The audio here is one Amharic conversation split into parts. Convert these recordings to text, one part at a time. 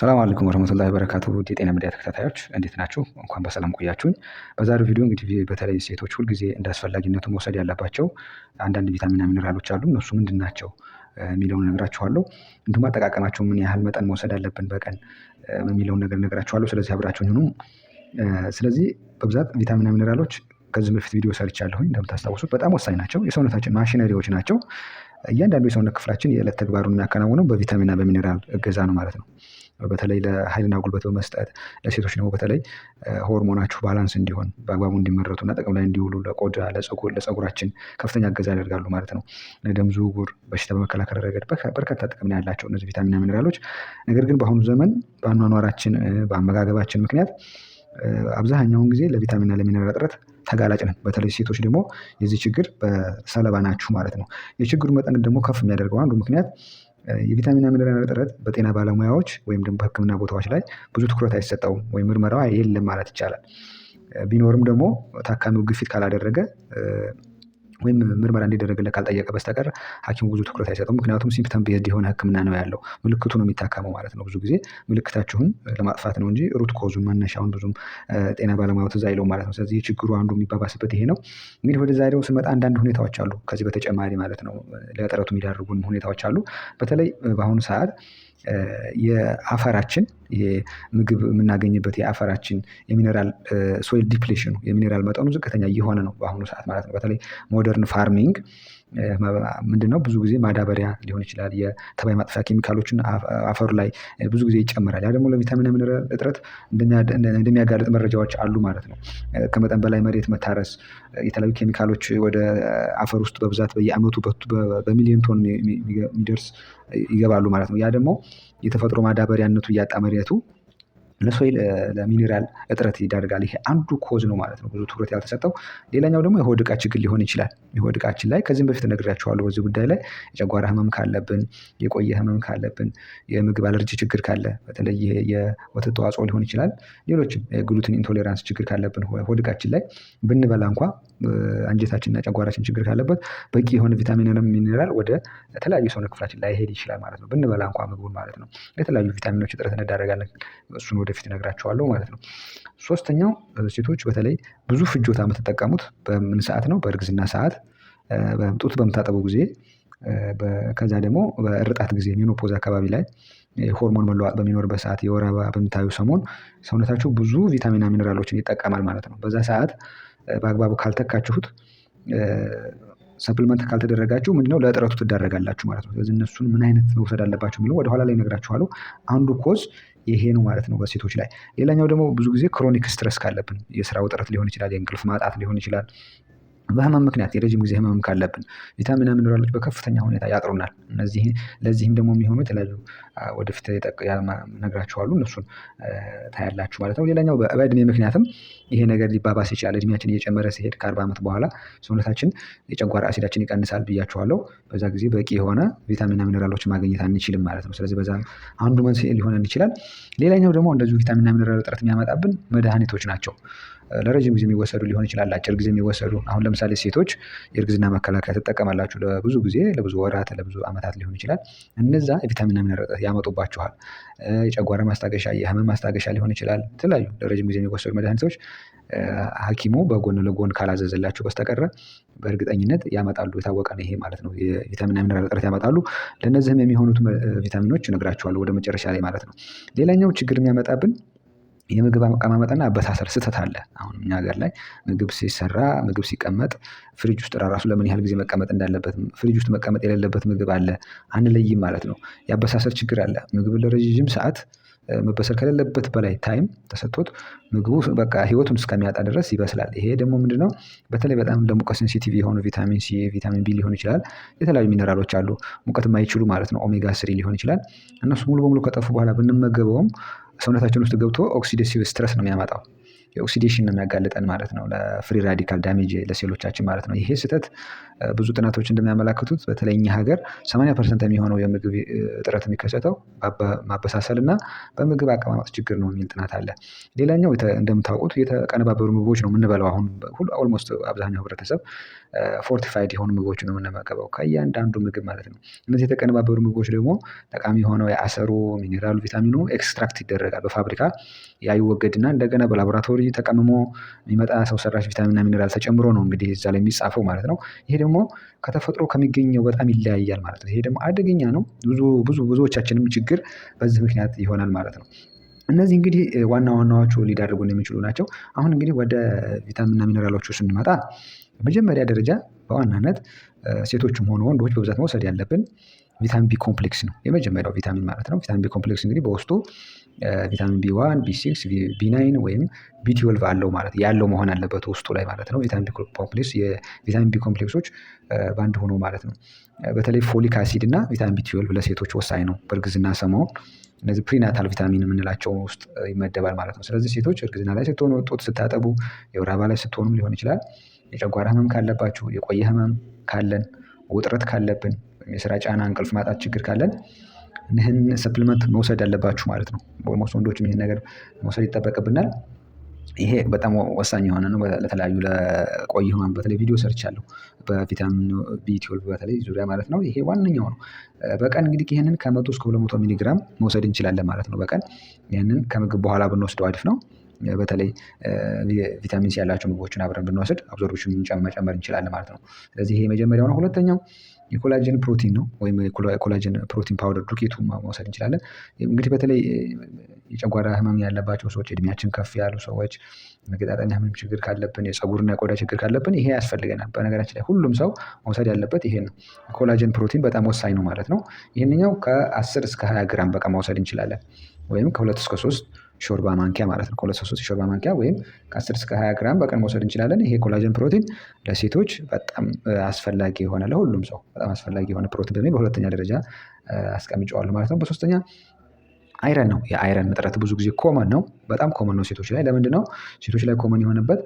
ሰላም አለይኩም ወረህመቱላሂ በረካቱ የጤና ሚዲያ ተከታታዮች እንዴት ናችሁ? እንኳን በሰላም ቆያችሁኝ። በዛሬው ቪዲዮ እንግዲህ በተለይ ሴቶች ሁልጊዜ እንደ አስፈላጊነቱ መውሰድ ያለባቸው አንዳንድ ቪታሚና ሚነራሎች አሉ። እነሱ ምንድን ናቸው የሚለውን ነግራችኋለሁ። እንዲሁም አጠቃቀማቸው ምን ያህል መጠን መውሰድ አለብን በቀን የሚለውን ነገር ነግራችኋለሁ። ስለዚህ አብራችሁኝ ሁኑ። ስለዚህ በብዛት ቪታሚና ሚነራሎች ከዚህ በፊት ቪዲዮ ሰርቻለሁኝ እንደምታስታውሱት በጣም ወሳኝ ናቸው። የሰውነታችን ማሽነሪዎች ናቸው። እያንዳንዱ የሰውነት ክፍላችን የዕለት ተግባሩን የሚያከናውነው በቪታሚና በሚነራል እገዛ ነው ማለት ነው። በተለይ ለኃይልና ጉልበት በመስጠት ለሴቶች ደግሞ በተለይ ሆርሞናችሁ ባላንስ እንዲሆን በአግባቡ እንዲመረቱና ጥቅም ላይ እንዲውሉ ለቆዳ፣ ለፀጉር ለፀጉራችን ከፍተኛ እገዛ ያደርጋሉ ማለት ነው። ለደም ዝውውር በሽታ በመከላከል ረገድ በርካታ ጥቅም ያላቸው እነዚህ ቪታሚንና ሚኔራሎች ነገር ግን በአሁኑ ዘመን በአኗኗራችን በአመጋገባችን ምክንያት አብዛኛውን ጊዜ ለቪታሚንና ለሚኔራል እጥረት ተጋላጭ ነን። በተለይ ሴቶች ደግሞ የዚህ ችግር ሰለባ ናችሁ ማለት ነው። የችግሩ መጠን ደግሞ ከፍ የሚያደርገው አንዱ ምክንያት የቪታሚንና ሚነራል እጥረት በጤና ባለሙያዎች ወይም ደግሞ በሕክምና ቦታዎች ላይ ብዙ ትኩረት አይሰጠውም ወይም ምርመራው የለም ማለት ይቻላል። ቢኖርም ደግሞ ታካሚው ግፊት ካላደረገ ወይም ምርመራ እንዲደረግለት ካልጠየቀ በስተቀር ሐኪሙ ብዙ ትኩረት አይሰጠው። ምክንያቱም ሲምፕተም ቤዝድ የሆነ ሕክምና ነው ያለው። ምልክቱ ነው የሚታከመው ማለት ነው። ብዙ ጊዜ ምልክታችሁን ለማጥፋት ነው እንጂ ሩት ኮዙን መነሻውን ብዙም ጤና ባለሙያው ትዝ አይለው ማለት ነው። ስለዚህ ችግሩ አንዱ የሚባባስበት ይሄ ነው። እንግዲህ ወደ ዛሬው ስመጣ አንዳንድ ሁኔታዎች አሉ፣ ከዚህ በተጨማሪ ማለት ነው ለጥረቱ የሚዳርጉን ሁኔታዎች አሉ። በተለይ በአሁኑ ሰዓት የአፈራችን ምግብ የምናገኝበት የአፈራችን የሚኔራል ሶይል ዲፕሌሽኑ የሚኔራል መጠኑ ዝቅተኛ እየሆነ ነው በአሁኑ ሰዓት ማለት ነው። በተለይ ሞደርን ፋርሚንግ ምንድነው ብዙ ጊዜ ማዳበሪያ ሊሆን ይችላል የተባይ ማጥፊያ ኬሚካሎችን አፈሩ ላይ ብዙ ጊዜ ይጨምራል። ያ ደግሞ ለቪታሚን ሚነራል እጥረት እንደሚያጋልጥ መረጃዎች አሉ ማለት ነው። ከመጠን በላይ መሬት መታረስ የተለያዩ ኬሚካሎች ወደ አፈር ውስጥ በብዛት በየአመቱ በሚሊዮን ቶን የሚደርስ ይገባሉ ማለት ነው። ያ ደግሞ የተፈጥሮ ማዳበሪያነቱ እያጣ መሬቱ ለሶይል ለሚኒራል እጥረት ይዳርጋል። ይሄ አንዱ ኮዝ ነው ማለት ነው፣ ብዙ ትኩረት ያልተሰጠው። ሌላኛው ደግሞ የሆድ እቃ ችግር ሊሆን ይችላል። የሆድ ዕቃችን ላይ ከዚህም በፊት ነግራችኋለሁ በዚህ ጉዳይ ላይ የጨጓራ ህመም ካለብን፣ የቆየ ህመም ካለብን፣ የምግብ አለርጂ ችግር ካለ በተለይ የወተት ተዋጽኦ ሊሆን ይችላል። ሌሎችም የግሉትን ኢንቶሌራንስ ችግር ካለብን ሆድ ላይ ብንበላ እንኳ አንጀታችንና ጨጓራችን ችግር ካለበት በቂ የሆነ ቪታሚንና ሚኔራል ወደ ተለያዩ ሰውነት ክፍላችን ላይ ሄድ ይችላል ማለት ነው። ብንበላ እንኳ ምግቡን ማለት ነው። የተለያዩ ቪታሚኖች እጥረት እንዳረጋለን እሱን ወደ ወደፊት እነግራቸዋለሁ ማለት ነው። ሶስተኛው ሴቶች በተለይ ብዙ ፍጆታ የምትጠቀሙት በምን ሰዓት ነው? በእርግዝና ሰዓት ጡት በምታጠቡ ጊዜ ከዛ ደግሞ በእርጣት ጊዜ ሜኖፖዝ አካባቢ ላይ ሆርሞን መለዋጥ በሚኖርበት ሰዓት የወር አበባ በምታዩ ሰሞን ሰውነታቸው ብዙ ቪታሚንና ሚነራሎችን ይጠቀማል ማለት ነው። በዛ ሰዓት በአግባቡ ካልተካችሁት ሰፕልመንት ካልተደረጋችሁ ምንድነው ለእጥረቱ ትዳረጋላችሁ ማለት ነው። ስለዚህ እነሱን ምን አይነት መውሰድ አለባቸው የሚለው ወደኋላ ላይ ነግራችኋለሁ። አንዱ ኮዝ ይሄ ነው ማለት ነው በሴቶች ላይ። ሌላኛው ደግሞ ብዙ ጊዜ ክሮኒክ ስትረስ ካለብን የስራ ውጥረት ሊሆን ይችላል፣ የእንቅልፍ ማጣት ሊሆን ይችላል በህመም ምክንያት የረጅም ጊዜ ህመም ካለብን ቪታሚና ሚኒራሎች በከፍተኛ ሁኔታ ያጥሩናል። እነዚህ ለዚህም ደግሞ የሚሆኑ የተለያዩ ወደፊት ነግራችኋሉ እነሱን ታያላችሁ ማለት ነው። ሌላኛው በእድሜ ምክንያትም ይሄ ነገር ሊባባስ ይችላል። እድሜያችን እየጨመረ ሲሄድ ከአርባ ዓመት በኋላ ሰውነታችን የጨጓራ አሲዳችን ይቀንሳል ብያችኋለሁ። በዛ ጊዜ በቂ የሆነ ቪታሚና ሚኒራሎች ማግኘት አንችልም ማለት ነው። ስለዚህ በዛ አንዱ መንስኤ ሊሆነን ይችላል። ሌላኛው ደግሞ እንደዚሁ ቪታሚና ሚኒራል እጥረት የሚያመጣብን መድኃኒቶች ናቸው። ለረጅም ጊዜ የሚወሰዱ ሊሆን ይችላል፣ አጭር ጊዜ የሚወሰዱ አሁን ለምሳሌ ሴቶች የእርግዝና መከላከያ ትጠቀማላችሁ ለብዙ ጊዜ ለብዙ ወራት ለብዙ ዓመታት ሊሆን ይችላል። እነዛ የቪታሚን ምን ያመጡባችኋል። የጨጓራ ማስታገሻ የህመም ማስታገሻ ሊሆን ይችላል። የተለያዩ ለረጅም ጊዜ የሚወሰዱ መድኃኒቶች ሀኪሙ በጎን ለጎን ካላዘዘላችሁ በስተቀረ በእርግጠኝነት ያመጣሉ። የታወቀ ነው ይሄ ማለት ነው። የቪታሚንና ሚነራል እጥረት ያመጣሉ። ለእነዚህም የሚሆኑት ቪታሚኖች እነግራችኋለሁ ወደ መጨረሻ ላይ ማለት ነው። ሌላኛው ችግር የሚያመጣብን የምግብ አቀማመጥና አበሳሰር ስህተት አለ። አሁን እኛ ሀገር ላይ ምግብ ሲሰራ ምግብ ሲቀመጥ ፍሪጅ ውስጥ ራሱ ለምን ያህል ጊዜ መቀመጥ እንዳለበት ፍሪጅ ውስጥ መቀመጥ የሌለበት ምግብ አለ አንለይም ማለት ነው። የአበሳሰር ችግር አለ ምግብ ለረጅም ሰዓት መበሰል ከሌለበት በላይ ታይም ተሰጥቶት ምግቡ በቃ ህይወቱን እስከሚያጣ ድረስ ይበስላል። ይሄ ደግሞ ምንድነው? በተለይ በጣም ለሙቀት ሴንሲቲቭ የሆኑ ቪታሚን ሲ ቪታሚን ቢ ሊሆን ይችላል የተለያዩ ሚነራሎች አሉ ሙቀት የማይችሉ ማለት ነው ኦሜጋ ስሪ ሊሆን ይችላል። እነሱ ሙሉ በሙሉ ከጠፉ በኋላ ብንመገበውም ሰውነታችን ውስጥ ገብቶ ኦክሲደሲቭ ስትረስ ነው የሚያመጣው የኦክሲዴሽን ነው የሚያጋልጠን ማለት ነው፣ ለፍሪ ራዲካል ዳሜጅ ለሴሎቻችን ማለት ነው። ይሄ ስህተት ብዙ ጥናቶች እንደሚያመላክቱት በተለይ እኛ ሀገር 80 ፐርሰንት የሚሆነው የምግብ እጥረት የሚከሰተው ማበሳሰል እና በምግብ አቀማመጥ ችግር ነው የሚል ጥናት አለ። ሌላኛው እንደምታውቁት የተቀነባበሩ ምግቦች ነው የምንበላው። አሁን ኦልሞስት አብዛኛው ህብረተሰብ ፎርቲፋይድ የሆኑ ምግቦች ነው የምንመገበው ከእያንዳንዱ ምግብ ማለት ነው። እነዚህ የተቀነባበሩ ምግቦች ደግሞ ጠቃሚ የሆነው የአሰሩ ሚኔራሉ፣ ቪታሚኑ ኤክስትራክት ይደረጋል በፋብሪካ ያ እንደገና በላቦራቶሪ ካሎሪ ተቀምሞ የሚመጣ ሰው ሰራሽ ቪታሚንና ሚነራል ተጨምሮ ነው እንግዲህ እዛ ላይ የሚጻፈው ማለት ነው። ይሄ ደግሞ ከተፈጥሮ ከሚገኘው በጣም ይለያያል ማለት ነው። ይሄ ደግሞ አደገኛ ነው። ብዙ ብዙ ብዙዎቻችንም ችግር በዚህ ምክንያት ይሆናል ማለት ነው። እነዚህ እንግዲህ ዋና ዋናዎቹ ሊዳርጉን የሚችሉ ናቸው። አሁን እንግዲህ ወደ ቪታሚንና ሚነራሎቹ ስንመጣ መጀመሪያ ደረጃ በዋናነት ሴቶችም ሆነ ወንዶች በብዛት መውሰድ ያለብን ቪታሚን ቢ ኮምፕሌክስ ነው የመጀመሪያው ቪታሚን ማለት ነው። ቪታሚን ቢ ኮምፕሌክስ እንግዲህ በውስጡ ቪታሚን ቢ ዋን፣ ቢ ሲክስ፣ ቢ ናይን ወይም ቢ ትዌልቭ አለው ማለት ያለው መሆን አለበት ውስጡ ላይ ማለት ነው። ቪታሚን ቢ ኮምፕሌክስ የቪታሚን ቢ ኮምፕሌክሶች በአንድ ሆኖ ማለት ነው። በተለይ ፎሊክ አሲድ እና ቪታሚን ቢ ትዌልቭ ለሴቶች ወሳኝ ነው በእርግዝና ሰማው እነዚህ ፕሪናታል ቪታሚን የምንላቸው ውስጥ ይመደባል ማለት ነው። ስለዚህ ሴቶች እርግዝና ላይ ስትሆኑ፣ ጡት ስታጠቡ፣ የወር አበባ ላይ ስትሆኑ ሊሆን ይችላል። የጨጓራ ህመም ካለባችሁ፣ የቆየ ህመም ካለን፣ ውጥረት ካለብን የስራ ጫና፣ እንቅልፍ ማጣት ችግር ካለን ይህን ሰፕልመንት መውሰድ አለባችሁ ማለት ነው። ኦልሞስት ወንዶችም ይህን ነገር መውሰድ ይጠበቅብናል። ይሄ በጣም ወሳኝ የሆነ ነው። ለተለያዩ ለቆይ ህመም በተለይ ቪዲዮ ሰርች አለው በቪታሚን ቢ በተለይ ዙሪያ ማለት ነው። ይሄ ዋነኛው ነው። በቀን እንግዲህ ይህንን ከመቶ እስከ ሁለት መቶ ሚሊግራም መውሰድ እንችላለን ማለት ነው። በቀን ይህንን ከምግብ በኋላ ብንወስደው አሪፍ ነው። በተለይ ቪታሚን ሲ ያላቸው ምግቦችን አብረን ብንወስድ አብዞርፕሽን መጨመር እንችላለን ማለት ነው። ስለዚህ ይሄ የመጀመሪያው ነው። ሁለተኛው የኮላጅን ፕሮቲን ነው ወይም የኮላጅን ፕሮቲን ፓውደር ዱቄቱ መውሰድ እንችላለን። እንግዲህ በተለይ የጨጓራ ህመም ያለባቸው ሰዎች፣ እድሜያችን ከፍ ያሉ ሰዎች፣ መገጣጠሚያ ህመም ችግር ካለብን፣ የፀጉርና የቆዳ ችግር ካለብን ይሄ ያስፈልገናል። በነገራችን ላይ ሁሉም ሰው መውሰድ ያለበት ይሄ ነው። ኮላጅን ፕሮቲን በጣም ወሳኝ ነው ማለት ነው። ይህንኛው ከ10 እስከ 20 ግራም በቃ መውሰድ እንችላለን ወይም ከሁለት እስከ ሶስት ሾርባ ማንኪያ ማለት ነው። ከሁለት ሶስት የሾርባ ማንኪያ ወይም ከ10 እስከ 20 ግራም በቀን መውሰድ እንችላለን። ይሄ ኮላጀን ፕሮቲን ለሴቶች በጣም አስፈላጊ የሆነ ለሁሉም ሰው በጣም አስፈላጊ የሆነ ፕሮቲን በሚል በሁለተኛ ደረጃ አስቀምጨዋለሁ ማለት ነው። በሶስተኛ አይረን ነው። የአይረን እጥረት ብዙ ጊዜ ኮመን ነው፣ በጣም ኮመን ነው ሴቶች ላይ። ለምንድን ነው ሴቶች ላይ ኮመን የሆነበት?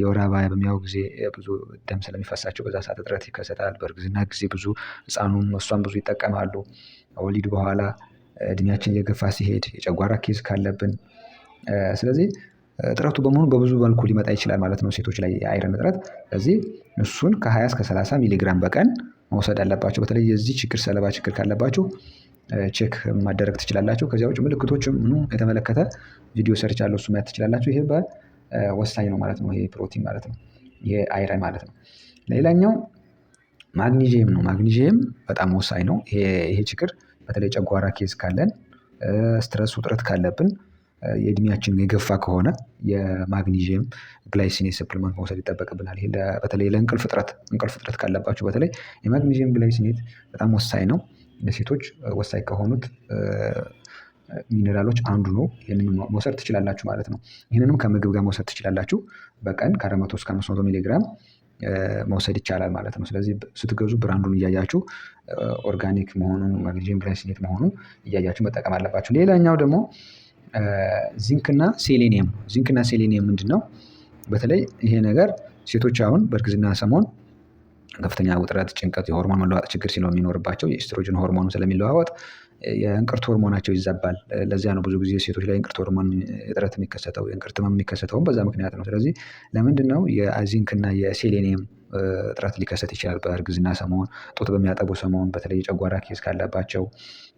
የወር አበባ በሚያዩ ጊዜ ብዙ ደም ስለሚፈሳቸው በዛ ሰዓት እጥረት ይከሰታል። በእርግዝና ጊዜ ብዙ ሕፃኑም እሷም ብዙ ይጠቀማሉ። ወሊድ በኋላ እድሜያችን እየገፋ ሲሄድ የጨጓራ ኬዝ ካለብን ስለዚህ እጥረቱ በመሆኑ በብዙ መልኩ ሊመጣ ይችላል ማለት ነው ሴቶች ላይ የአይረን እጥረት። ስለዚህ እሱን ከ20 እስከ 30 ሚሊግራም በቀን መውሰድ አለባቸው። በተለይ የዚህ ችግር ሰለባ ችግር ካለባችሁ ቼክ ማደረግ ትችላላችሁ። ከዚያ ውጭ ምልክቶችም ምኑ የተመለከተ ቪዲዮ ሰርች አለው እሱ ማየት ትችላላችሁ። ይሄ በወሳኝ ነው ማለት ነው ይሄ ፕሮቲን ማለት ነው ይሄ አይረን ማለት ነው። ሌላኛው ማግኒዥየም ነው። ማግኒዥየም በጣም ወሳኝ ነው። ይሄ ችግር በተለይ ጨጓራ ኬዝ ካለን ስትረስ፣ ውጥረት ካለብን የእድሜያችን የገፋ ከሆነ የማግኒዥየም ግላይሲኔት ሰፕሊመንት መውሰድ ይጠበቅብናል። በተለይ ለእንቅልፍ እጥረት እንቅልፍ እጥረት ካለባቸው በተለይ የማግኒዥየም ግላይሲኔት በጣም ወሳኝ ነው። ለሴቶች ወሳኝ ከሆኑት ሚኔራሎች አንዱ ነው። ይህንን መውሰድ ትችላላችሁ ማለት ነው። ይህንንም ከምግብ ጋር መውሰድ ትችላላችሁ። በቀን ከ መቶ እስከ አምስት ሚሊግራም መውሰድ ይቻላል ማለት ነው። ስለዚህ ስትገዙ ብራንዱን እያያችሁ ኦርጋኒክ መሆኑን ማግኔዥየም ግላይሲኔት መሆኑን እያያችሁ መጠቀም አለባችሁ። ሌላኛው ደግሞ ዚንክና ሴሌኒየም ዚንክና ሴሌኒየም ምንድን ነው? በተለይ ይሄ ነገር ሴቶች አሁን በእርግዝና ሰሞን ከፍተኛ ውጥረት፣ ጭንቀት፣ የሆርሞን መለዋወጥ ችግር የሚኖርባቸው የኤስትሮጅን ሆርሞኑ ስለሚለዋወጥ የእንቅርት ሆርሞናቸው ይዛባል። ለዚያ ነው ብዙ ጊዜ ሴቶች ላይ እንቅርት ሆርሞን እጥረት የሚከሰተው። የእንቅርት ህመም የሚከሰተውም በዛ ምክንያት ነው። ስለዚህ ለምንድን ነው የአዚንክ እና የሴሌኒየም እጥረት ሊከሰት ይችላል? በእርግዝና ሰሞን፣ ጡት በሚያጠቡ ሰሞን፣ በተለይ ጨጓራ ኬዝ ካለባቸው፣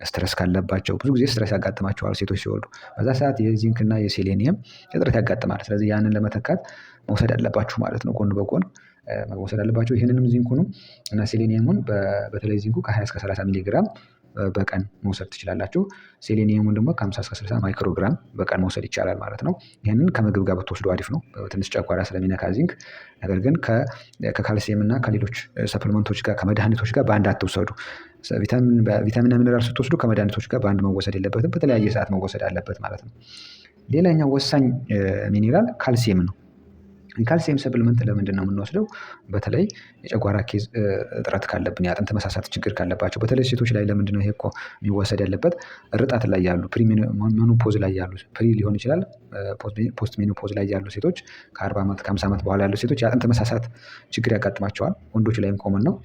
ስትረስ ካለባቸው ብዙ ጊዜ ስትረስ ያጋጥማቸዋል ሴቶች ሲወልዱ። በዛ ሰዓት የዚንክ እና የሴሌኒየም እጥረት ያጋጥማል። ስለዚህ ያንን ለመተካት መውሰድ አለባችሁ ማለት ነው ጎን በጎን መወሰድ አለባቸው። ይህንንም ዚንኩኑ እና ሴሌኒየሙን በተለይ ዚንኩ ከ20 እስከ 30 ሚሊግራም በቀን መውሰድ ትችላላችሁ። ሴሌኒየሙን ደግሞ ከ50 እስከ 60 ማይክሮግራም በቀን መውሰድ ይቻላል ማለት ነው። ይህንን ከምግብ ጋር ብትወስዱ አሪፍ ነው፣ ትንሽ ጨጓራ ስለሚነካ ዚንክ። ነገር ግን ከካልሲየም እና ከሌሎች ሰፕልመንቶች ጋር ከመድኃኒቶች ጋር በአንድ አትውሰዱ። ቪታሚንና ሚነራል ስትወስዱ ከመድኃኒቶች ጋር በአንድ መወሰድ የለበትም፣ በተለያየ ሰዓት መወሰድ አለበት ማለት ነው። ሌላኛው ወሳኝ ሚኔራል ካልሲየም ነው። ካልሲየም ሰፕልመንት ለምንድን ነው የምንወስደው? በተለይ የጨጓራ ኬዝ እጥረት ካለብን የአጥንት መሳሳት ችግር ካለባቸው በተለይ ሴቶች ላይ ለምንድን ነው ይሄ እኮ የሚወሰድ ያለበት? ርጣት ላይ ያሉ ፕሪ ሜኖፖዝ ላይ ያሉ ፕሪ ሊሆን ይችላል ፖስት ሜኖፖዝ ላይ ያሉ ሴቶች ከአርባ ዓመት ከአምሳ ዓመት በኋላ ያሉ ሴቶች የአጥንት መሳሳት ችግር ያጋጥማቸዋል። ወንዶች ላይም ኮመን ነው።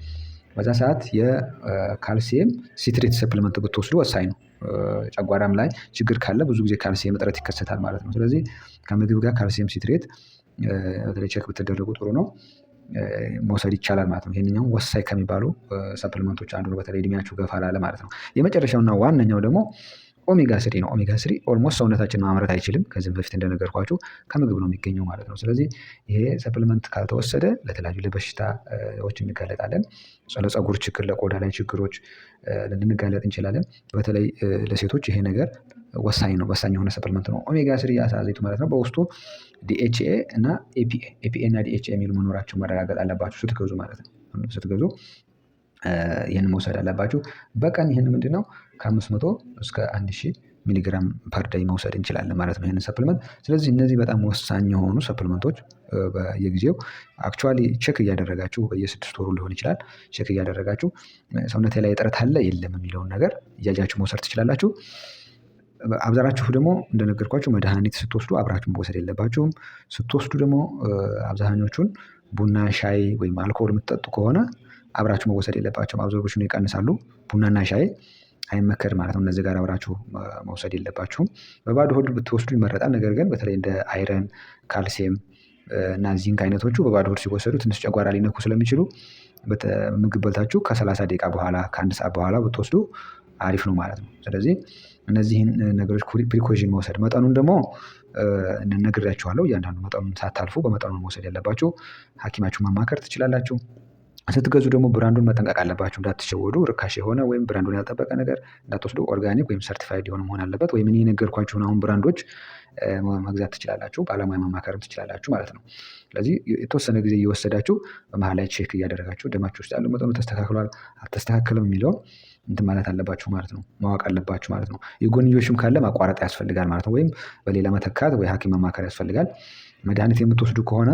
በዛ ሰዓት የካልሲየም ሲትሬት ሰፕልመንት ብትወስዱ ወሳኝ ነው። ጨጓራም ላይ ችግር ካለ ብዙ ጊዜ ካልሲየም እጥረት ይከሰታል ማለት ነው። ስለዚህ ከምግብ ጋር ካልሲየም ሲትሬት በተለይ ቼክ ብትደረጉ ጥሩ ነው መውሰድ ይቻላል ማለት ነው። ይሄንኛውም ወሳኝ ከሚባሉ ሰፕልመንቶች አንዱ ነው፣ በተለይ እድሜያችሁ ገፋ ላለ ማለት ነው። የመጨረሻውና ዋነኛው ደግሞ ኦሜጋ ስሪ ነው። ኦሜጋ ስሪ ኦልሞስት ሰውነታችን ማምረት አይችልም። ከዚህም በፊት እንደነገርኳችሁ ከምግብ ነው የሚገኘው ማለት ነው። ስለዚህ ይሄ ሰፕልመንት ካልተወሰደ ለተለያዩ ለበሽታዎች እንጋለጣለን። ለፀጉር ችግር፣ ለቆዳ ላይ ችግሮች ልንጋለጥ እንችላለን። በተለይ ለሴቶች ይሄ ነገር ወሳኝ ነው። ወሳኝ የሆነ ሰፕልመንት ነው። ኦሜጋ ስሪ የአሳ ማለት ነው በውስጡ ዲኤችኤ እና ኤፒኤ ኤፒኤ እና ዲኤችኤ የሚሉ መኖራቸው መረጋገጥ አለባቸው ስትገዙ ማለት ነው። ስትገዙ ይህን መውሰድ አለባችሁ። በቀን ይህን ምንድን ነው ከአምስት መቶ እስከ አንድ ሺህ ሚሊግራም ፐርዳይ መውሰድ እንችላለን ማለት ነው ይህንን ሰፕልመንት። ስለዚህ እነዚህ በጣም ወሳኝ የሆኑ ሰፕልመንቶች በየጊዜው አክቹዋሊ ቼክ እያደረጋችሁ በየስድስት ወሩ ሊሆን ይችላል ቼክ እያደረጋችሁ ሰውነቴ ላይ እጥረት አለ የለም የሚለውን ነገር እያጃችሁ መውሰድ ትችላላችሁ። አብዛራችሁ ደግሞ እንደነገርኳችሁ መድኃኒት ስትወስዱ አብራችሁ መወሰድ የለባችሁም። ስትወስዱ ደግሞ አብዛኞቹን ቡና፣ ሻይ ወይም አልኮል የምትጠጡ ከሆነ አብራችሁ መወሰድ የለባቸውም። አብዞርቦችን ይቀንሳሉ። ቡናና ሻይ አይመከር ማለት ነው። እነዚህ ጋር አብራችሁ መውሰድ የለባችሁም። በባዶ ሆድ ብትወስዱ ይመረጣል። ነገር ግን በተለይ እንደ አይረን፣ ካልሲየም እና ዚንክ አይነቶቹ በባዶ ሆድ ሲወሰዱ ትንሽ ጨጓራ ሊነኩ ስለሚችሉ ምግብ በልታችሁ ከሰላሳ ደቂቃ በኋላ ከአንድ ሰዓት በኋላ ብትወስዱ አሪፍ ነው ማለት ነው። ስለዚህ እነዚህን ነገሮች ፕሪኮዥን መውሰድ መጠኑን ደግሞ ነግሬያችኋለሁ። እያንዳንዱ መጠኑን ሳታልፉ በመጠኑ መውሰድ ያለባችሁ ሐኪማችሁ ማማከር ትችላላችሁ። ስትገዙ ደግሞ ብራንዱን መጠንቀቅ አለባችሁ እንዳትሸወዱ። ርካሽ የሆነ ወይም ብራንዱን ያልጠበቀ ነገር እንዳትወስዱ። ኦርጋኒክ ወይም ሰርቲፋይድ የሆነ መሆን አለበት። ወይም እኔ የነገርኳችሁን አሁን ብራንዶች መግዛት ትችላላችሁ። ባለሙያ ማማከርም ትችላላችሁ ማለት ነው። ስለዚህ የተወሰነ ጊዜ እየወሰዳችሁ በመሀል ላይ ቼክ እያደረጋችሁ ደማችሁ ውስጥ ያለው መጠኑ ተስተካክሏል አልተስተካከለም የሚለውን እንትን ማለት አለባችሁ ማለት ነው። ማወቅ አለባችሁ ማለት ነው። የጎንዮሽም ካለ ማቋረጥ ያስፈልጋል ማለት ነው። ወይም በሌላ መተካት ወይ ሐኪም መማከር ያስፈልጋል። መድኃኒት የምትወስዱ ከሆነ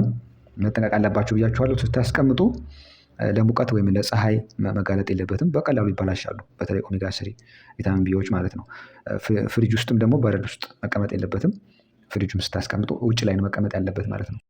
መጠንቀቅ አለባችሁ ብያችኋለሁ። ስታስቀምጡ ለሙቀት ወይም ለፀሐይ መጋለጥ የለበትም። በቀላሉ ይበላሻሉ። በተለይ ኦሜጋ ስሪ ቪታሚን ቢዎች ማለት ነው። ፍሪጅ ውስጥም ደግሞ በረድ ውስጥ መቀመጥ የለበትም። ፍሪጅም ስታስቀምጡ ውጭ ላይ መቀመጥ ያለበት ማለት ነው።